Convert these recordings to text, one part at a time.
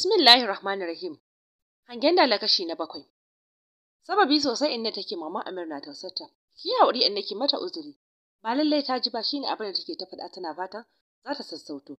Bismillahir Rahmanir Rahim. Hangen da lakashi na bakwai. Sababi sosai inna take mama Amir na tausarta. Ki hauri in nake mata uzuri. Ba lallai ta ji ba shine abin da take ta faɗa tana fata za ta sassauto.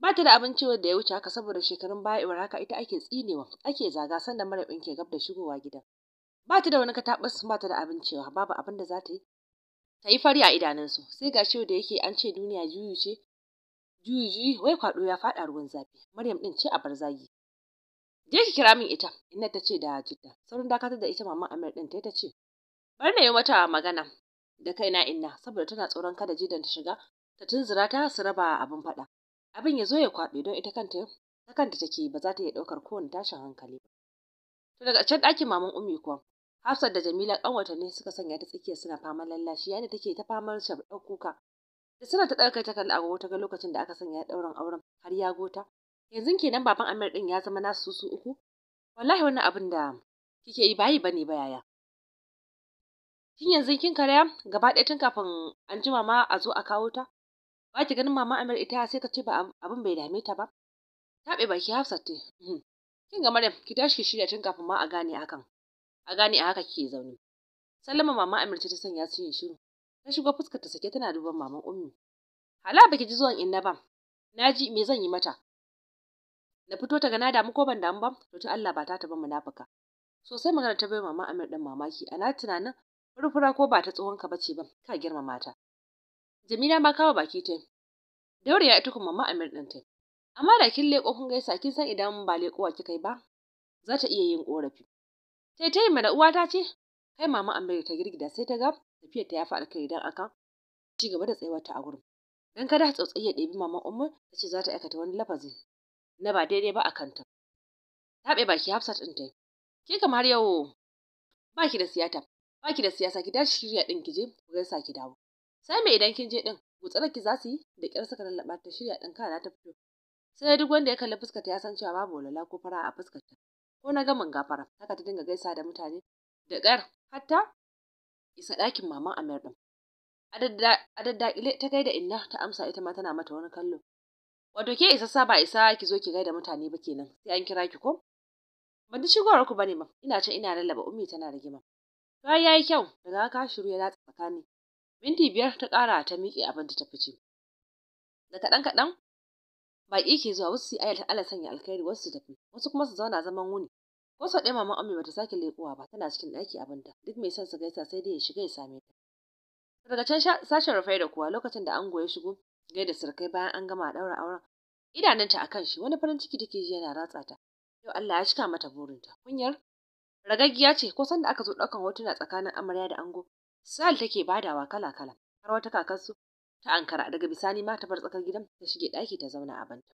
Ba ta da abinci wanda ya wuce haka saboda shekarun baya iwar haka ita ake tsinewa, ake zaga sanda mara ke gab da shigowa gidan. Ba ta da wani su ba ta da abin cewa babu abin da za ta yi. Ta yi fari a idanunsu sai ga shi da yake an ce duniya juyu ce juyi wai kwaɗo ya faɗa ruwan zafi maryam ɗin ce a bar zagi je ki kira min ita inna ta ce da jidda saurin dakatar da ita mama amir din ta ce bar na yi mata magana da kaina inna saboda tana tsoron kada jidan ta shiga ta tunzura ta su raba abin faɗa abin ya zo ya kwaɓe don ita kanta ta kanta take ba za ta iya ɗaukar kowane tashin hankali ba to daga can ɗakin maman ummi kuwa Hafsat da Jamila kan watanni suka sanya ta tsakiya suna fama lallashi yayin da take ta famar shabɗar kuka da suna ta ɗaukar ta kalli agogo ta ga lokacin da aka sanya ɗaurin auren har ya gota yanzu kenan baban Amir din ya zama nasu su uku wallahi wannan abin da kike yi bayi bane ba yaya Kin yanzu kin karya gaba ɗaya tun kafin an jima ma a zo a kawo ta? Ba ki ganin mama Amir ita sai ka ce ba abin bai dame ta ba? Taɓe baki Hafsat te. Uhm, kin ga Maryam ki tashi ki shirya tun kafin ma a gane akan A gane a haka kike zaune. Sallama mama Amir ta sanya su yin shiru. Ta shigo fuskar ta sake tana duban maman Ummi. Hala baki ji zuwan inna ba. Naji me zan yi mata? na fito ta gana damu ko ban damu ba to ta Allah ba ta taba ba munafuka sosai magana ta bai mama Amir din mamaki ana tunanin furfura ko ba ta tsohon ka bace ba ka girmama ta Jamila ma kawo baki ta Daure ya tukun mama Amir din ta amma da kin leko kun gaisa kin san idan ba lekowa kika yi ba za ta iya yin korafi tai tai mana uwa ta ce kai mama Amir ta girgida sai ta ga tafiyar ta ya fi kai dan aka ci gaba da tsayawa ta a gurin dan kada tsautsayi ya ɗebi maman Umar ta ce za ta aikata wani lafazi na ba daidai ba a kanta. Taɓe baki Hafsat ɗin ta Ke kamar yau ba ki da siyata, ba ki da siyasa ki dace shirya ɗin ki je ku gaisa ki dawo. Sai me idan kin je ɗin gutsarar ki za su yi da ƙyar saka lallaɓa ta shirya ɗin na ta fito. Sai duk wanda ya kalli fuskarta ya san cewa babu walala ko fara a fuskarta. Ko na gamin gafara haka ta dinga gaisa da mutane da ƙar hatta isa ɗakin maman Amir ɗin. A daddaƙile ta da inna ta amsa ita ma tana mata wani kallo. Wato ke isa saba isa ki zo ki gaida mutane ba kenan sai an kira ki ko? Ban ji shigowar ku bane ba ina can ina lallaba ummi tana rigima. To yayi kyau daga ka shiru ya latsa tsakani. Minti biyar ta kara ta miƙe da ta fice. Da kaɗan kaɗan baƙi ke zuwa wasu su ayar Allah sanya alkhairi wasu su tafi wasu kuma su zauna zaman wuni. Ko sau ɗaya mama ummi bata sake leƙuwa ba tana cikin ɗaki ta duk mai son su gaisa sai dai ya shiga ya same ta. daga can sashen rufai da kuwa lokacin da ango ya shigo gaida sarkai bayan an gama daura auren Idananta akan shi wani farin ciki take ji yana ratsa ta yau Allah ya cika mata burinta kunyar ragaggiya ce kusan da aka zo daukan hotuna tsakanin amarya da ango sal take badawa kala kala har wata kakarsu ta ankara daga bisani ma ta bar tsakar gidan ta shige daki ta zauna a banta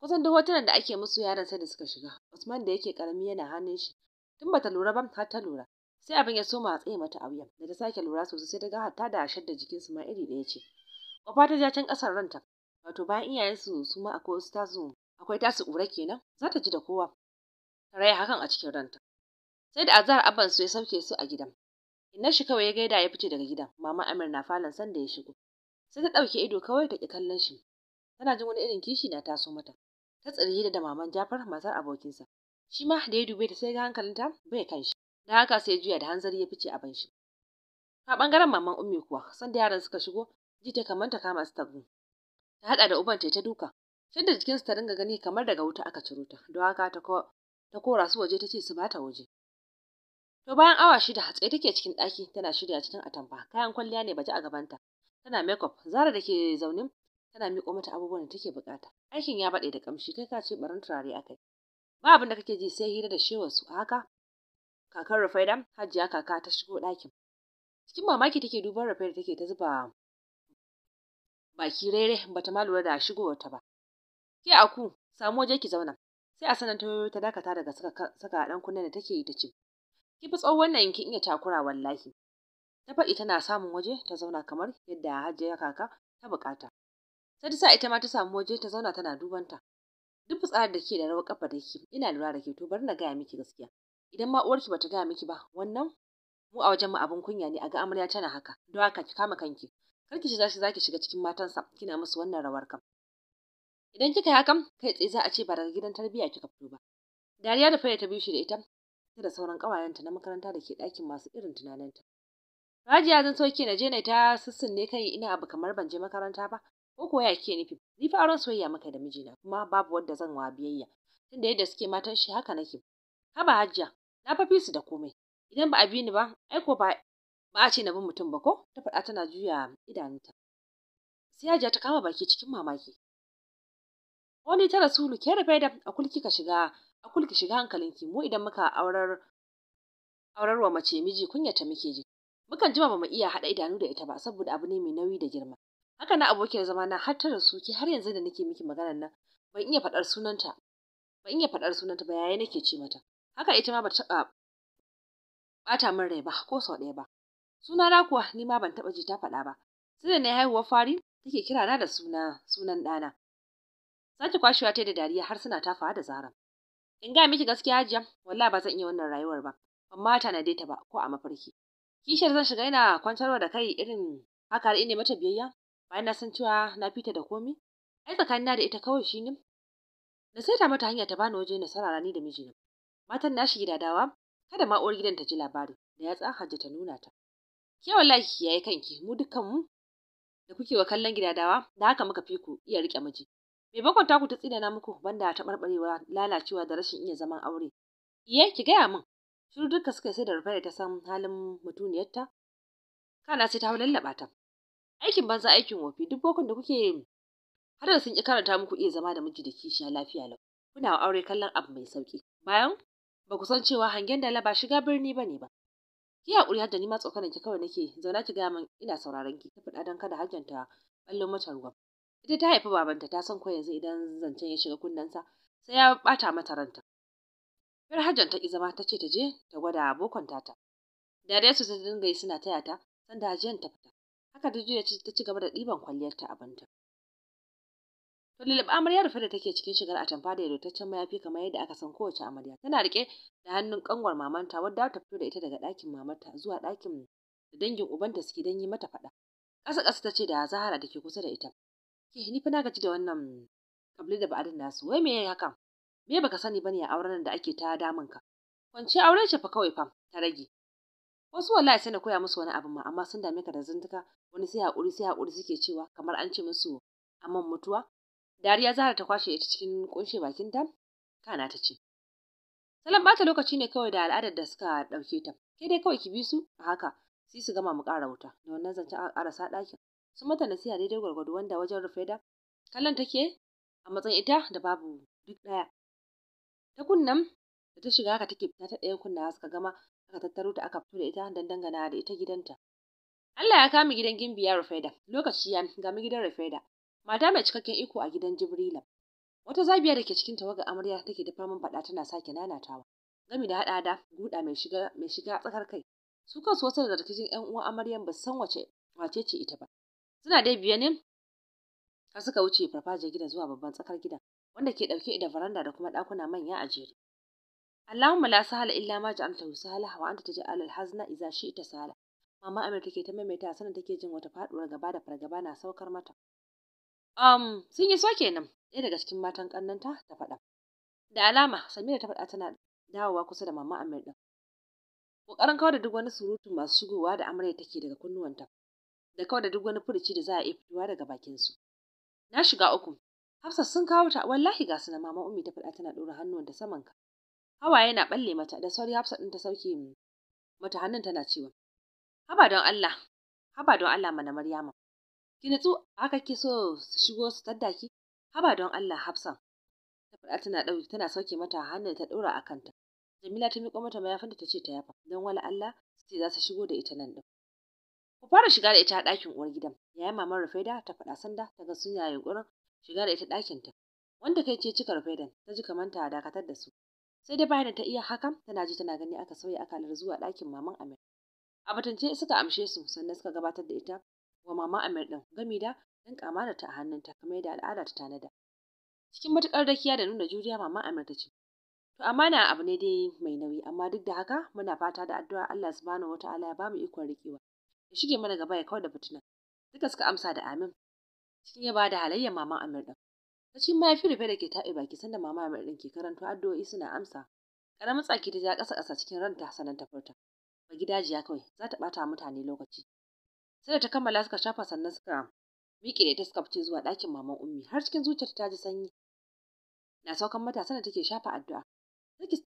kusan da hotunan da ake musu yaran sai da suka shiga Usman da yake karami yana hannun shi tun bata lura ban har ta lura sai abin ya soma a tsaye mata a wuyan da ta sake lura sosai sai ta ga hatta da shadda jikinsu ma iri ɗaya ce Kwafa ta ja can ƙasar ranta, wato bayan iyayensu su ma akwai wasu tasu akwai tasu ƙura kenan, za ta ji da kowa. Ta raya hakan a cikin ranta. Sai da azahar abban su ya sauke su a gidan. Inna shi kawai ya gaida ya fice daga gidan, mama Amir na falon san da ya shigo. Sai ta ɗauke ido kawai ta ƙi kallon shi. Tana jin wani irin kishi na taso mata. Ta tsirye da maman Jafar matar abokinsa. Shi ma da ya dube ta sai ga hankalinta bai kan shi. Da haka sai ya juya da hanzari ya fice a ban shi. A ɓangaren maman Ummi kuwa, san da yaran suka shigo, ji ta kamar ta kama su ta ta haɗa da uban ta ta duka tunda jikinsa ta dinga gani kamar daga wuta aka ciro ta don haka ta kora su waje ta ce su bata waje to bayan awa shida hatsaye take cikin ɗaki tana shirya cikin atamfa kayan kwalliya ne baje a gabanta tana makeup zara da ke zaune tana miƙo mata abubuwan da take bukata aikin ya baɗe da kamshi kai ka ce barin turare akai ba abin da kake ji sai hira da shewa su haka kakar rufaida hajiya kaka ta shigo ɗakin cikin mamaki take duban rufaida take ta zuba baki rere bata ma lura da shigowarta ba ke a ku samu waje ki zauna sai a sanar ta ta dakata daga saka saka dan kunne da take yi ta ce ki fi tsawon wannan kin iya takura wallahi ta faɗi tana samun waje ta zauna kamar yadda hajiya kaka ta bukata sai ta sa ita ma ta samu waje ta zauna tana ta duk fitsarar da ke da rawar kafa da ke ina lura da ke to bari na gaya miki gaskiya idan ma uwarki bata gaya miki ba wannan mu a wajen mu abin kunya ne a ga amarya tana haka don haka ki kama kanki kar ki tashi zaki shiga cikin matansa kina musu wannan rawar kam idan kika yi hakan kai tsaye za a ce ba daga gidan tarbiyya kika fito ba dariya da fara ta biyu shi da ita ta da sauran kawayenta na makaranta da ke ɗakin masu irin tunaninta Rajiya zan soke na je na ta sussun ne kai ina abu kamar ban je makaranta ba ko kuwa ya ke nufi ni fa auren soyayya maka da mijina kuma babu wanda zan wa biyayya tunda yadda suke matan shi haka nake haba hajjia na fa su da komai idan ba a bi ni ba ai ko ba ba ce na bin mutum ba ko ta faɗa tana juya idanunta sai hajiya ta kama baki cikin mamaki wani ta rasulu ke rufe da kulki ka shiga a ki shiga ki mu idan muka aurar aurar wa mace miji kunya ta muke ji mukan jima ba mu iya haɗa idanu da ita ba saboda abu ne mai nauyi da girma haka na abokiyar zama na har ta rasu ki har yanzu da nake miki maganar nan ban iya faɗar sunanta ban iya faɗar sunanta ba yayi nake ce mata haka ita ma ba ta ɓata min rai ba ko sau ɗaya ba sunana kuwa ni ma ban taɓa ji ta faɗa ba sai da na haihuwar fari take kira na da suna sunan ɗana sake kwashewa ta da dariya har suna faɗa da zara in ga miki gaskiya hajiya wallahi ba zan iya wannan rayuwar ba Amma ma na ta ba ko a mafarki kishiyar zan shiga ina kwantarwa da kai irin haka da ina mata biyayya bayan na san cewa na fita da komi ai tsakanina da ita kawai shi shine na saita mata hanya ta bani waje na sarara ni da mijina matan na shi gidadawa kada ma uwar gidan ta ji labari da yatsa hajjata ta nuna ta ke wallahi yayi kanki mu dukkan mu da kuke wa kallon gidadawa da haka muka fi ku iya rike miji me bakon taku ta tsidana muku banda ta barbarewa lalacewa da rashin iya zaman aure iye ki gaya mun. shiru duka suka sai da rufe ta san halin mutuniyarta kana sai ta lallaba ta aikin banza aikin wofi duk bakon da kuke har da sun ki karanta muku iya zama da miji da kishiya lafiya lau kuna aure kallon abu mai sauki bayan ba ku san cewa hangen da laba shiga birni ne ba ki hakuri har da ni ma tsokanin ki kawai nake zauna ki gaya min ina sauraron ki ta fada dan kada hajjanta ballo mata ruwa ita ta haifi babanta ta san ko yanzu idan zancen ya shiga kunnensa sai ya bata mata ranta Yar hajjan ta zama ta ce ta je ta gwada abokan tata. dai su ta dinga yi suna taya ta, sanda hajjan ta fita. Haka ta juya ta ci gaba da ɗiban kwalliyarta abinta. To lulluɓe amarya rufe da take cikin shigar atamfa da yadotaccen mayafi kamar yadda aka san kowace amarya. Tana rike da hannun ƙanwar mamanta wadda ta fito da ita daga ɗakin mamanta zuwa ɗakin da dangin ubanta suke don yi mata faɗa. Ƙasa ƙasa ta ce da Zahara da ke kusa da ita. Ke ni fa na gaji da wannan kabli da ba'adin nasu. Wai me yayi hakan? Me baka sani ba ne a auren da ake ta damun ka? Kwance auren shi fa kawai fa ta rage. Wasu wallahi sai na koya musu wani abu ma amma sun dame ka da zuntuka wani sai haƙuri sai haƙuri suke cewa kamar an ce musu amman mutuwa dariya zahra ta kwashe ita cikin kunshe bakinta kana ta ce salon bata lokaci ne kawai da al'adar da suka ɗauke ta ke dai kawai ki bi su a haka sai su gama mu ƙara wuta da wannan zancen aka ƙarasa ɗakin sun mata nasiha daidai gwargwado wanda wajen rufe da kallon take a matsayin ita da babu duk ɗaya ta kunnan da ta shiga haka take fita ta ɗayan kunna suka gama aka tattaro ta aka fito da ita don dangana da ita gidanta Allah ya kama gidan Gimbiya Rufaida lokaci ya ga gidan Rufaida mata mai cikakken iko a gidan Jibrila. Wata zabiya da ke cikin tawaga amarya take da faman faɗa tana sake nanatawa. Gami da haɗa da guda mai shiga mai shiga tsakar kai. Su kansu wasu da rikicin ƴan uwa amaryan ba san wace wace ce ita ba. Suna dai biye ne har suka wuce farfajiyar gidan zuwa babban tsakar gida, wanda ke ɗauke da baranda da kuma ɗakuna manya a jere. Allahumma la sahala illa ma ja'alta sahala wa anta taj'al al-hazna idha shi'ta sahala. Mama Amir take ta maimaita sanin take jin wata faduwar gaba da fargaba na saukar mata. um, sun yi so kenan ɗaya daga cikin matan ƙannanta ta faɗa da alama samira ta faɗa tana dawowa kusa da mama amir ɗin ƙoƙarin kawar da duk wani surutu masu shigowa da amarya take daga kunnuwanta da kawar da duk wani furuci da za a iya fitowa daga bakinsu na shiga uku hafsa sun kawo ta wallahi ga su na mama ummi ta faɗa tana ɗora hannuwanta saman ka hawaye na balle mata da sauri hafsa ɗin ta sauke mata hannun tana cewa haba don Allah haba don Allah mana Maryama ki natsu haka ke so su shigo su tadda ki haba don Allah Hafsan ta faɗa tana ɗauki tana sauke mata hannun ta ɗora a kanta Jamila ta miƙo mata mayafin da ta ce ta yafa don wala Allah su ce za su shigo da ita nan din ku fara shiga da ita a ɗakin uwar gidan yayin mamar Rufaida ta faɗa sanda ta ga sun yayin gurin shiga da ita ɗakin ta wanda kai ce cika Rufaida ta ji kamar ta dakatar da su sai dai bayan ta iya hakan tana ji tana gani aka sauya akalar zuwa ɗakin maman Amir a batance suka amshe su sannan suka gabatar da ita wa mama Amir ɗin gami da 'Yan ta a hannunta kamar da al'ada ta tanada. Cikin matuƙar dakiya da nuna juriya mama Amir ta ce, To amana abu ne dai mai nauyi amma duk da haka muna fata da addu'a Allah subhanahu wataala ya bamu ikon riƙewa ya shige mana gaba ya kawar da fitina. Duka suka amsa da amin. Cikin ya bada halayyar mama Amir ɗin. ce ma fi rufe da ke taɓe baki sanda mama Amir ɗin ke karanto addu'o'i suna amsa. Ƙaramin tsaki ta ja ƙasa ƙasa cikin ranta sanan ta furta. Ba gidajiya kawai za ta ɓata mutane lokaci. sai da ta kammala suka shafa sannan suka miƙe da ita suka fice zuwa ɗakin maman ummi har cikin zuciyarta ta ji sanyi na saukan mata da take shafa addu'a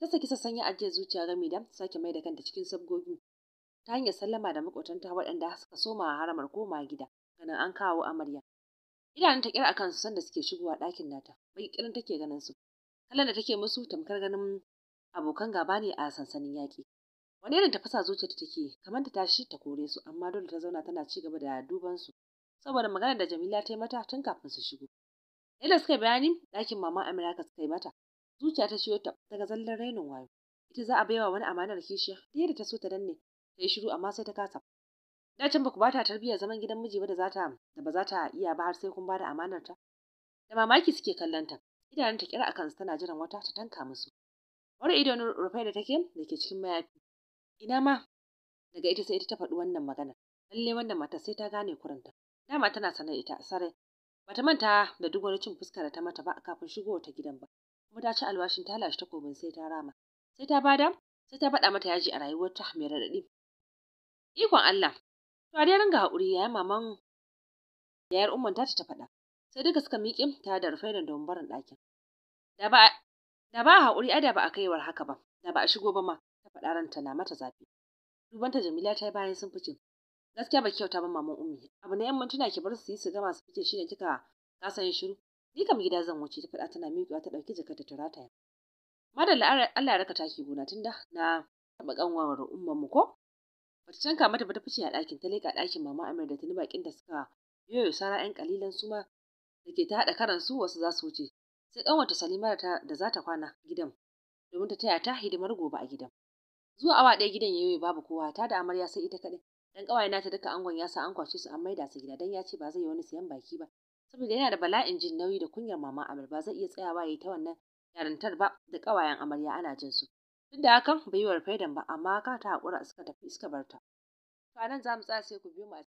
ta saki sassan ya ajiyar zuciya gami da sake mai da kanta cikin sabgogi ta hanyar sallama da makotanta waɗanda suka soma haramar koma gida ganin an kawo amarya idanun ta kira akan su sanda suke shigowa ɗakin nata bai kirin take ganin su kallon da take musu tamkar ganin abokan gaba ne a sansanin yaki. wani irin tafasa zuciyarta take kamar ta tashi ta kore su amma dole ta zauna tana ci gaba da duban su saboda maganar da Jamila ta yi mata tun kafin su shigo yadda suka bayani dakin mama ka suka yi mata zuciya ta ciyo ta daga zallan rainin wayo ita za a baiwa wani amanar kishiya da yadda ta so ta danne ta yi shiru amma sai ta kasa da can baku bata tarbiyyar zaman gidan miji ba da zata da ba za ta iya ba har sai kun bada amanar ta da mamaki suke kallon ta idanun ta kira akan tana jiran wata ta tanka musu wani idon rufe da take da ke cikin mayafi ina ma daga ita sai ita ta faɗi wannan magana lalle wannan mata sai ta gane kurinta dama tana sanar ita sarai bata manta da duk wani cin fuska da ta mata ba kafin shigowa ta gidan ba kuma ta ci alwashin ta lashe takobin sai ta rama sai ta bada sai ta faɗa mata yaji a rayuwarta mai raɗaɗi ikon Allah to dai ringa haƙuri yayin maman yayar umman ta ta faɗa sai duka suka miƙe ta da rufe da barin ɗakin da ba da ba haƙuri ai da ba a kaiwar haka ba da ba a shigo ba ma faɗaran ta na mata zafi dubanta jamila ta yi bayan sun fice gaskiya ba kyauta ba maman ummi abu na yan mintuna ki bar su yi su gama su fice shine kika kasa yin shiru ni kam gida zan wuce ta faɗa tana miƙewa ta ɗauki jakarta ta rataya madalla Allah ya raka taki gona tunda na taɓa ƙanwar umman mu ko bata canka mata bata fice a ɗakin ta leƙa ɗakin mama Amir da tuni bakin da suka yoyo sara ƴan kalilan su ma da ke ta haɗa karan su wasu za su wuce sai ƙanwarta Salima da za ta kwana gidan domin ta taya ta hidimar gobe a gidan zuwa awa ɗaya gidan ya yayi babu kowa ta da amarya sai ita kaɗai dan ƙawaye ta duka angon ya sa an kwace su an maida su gida dan ya ce ba zai yi wani siyan baki ba saboda yana da bala'in jin nauyi da kunyar mama Amir ba zai iya tsayawa yi ta wannan yarintar ba da ƙawayen amarya ana jin su duk da hakan bai yi wa faidan ba amma ka ta haƙura suka tafi iska barta to anan za mu tsaya sai ku biyo mu a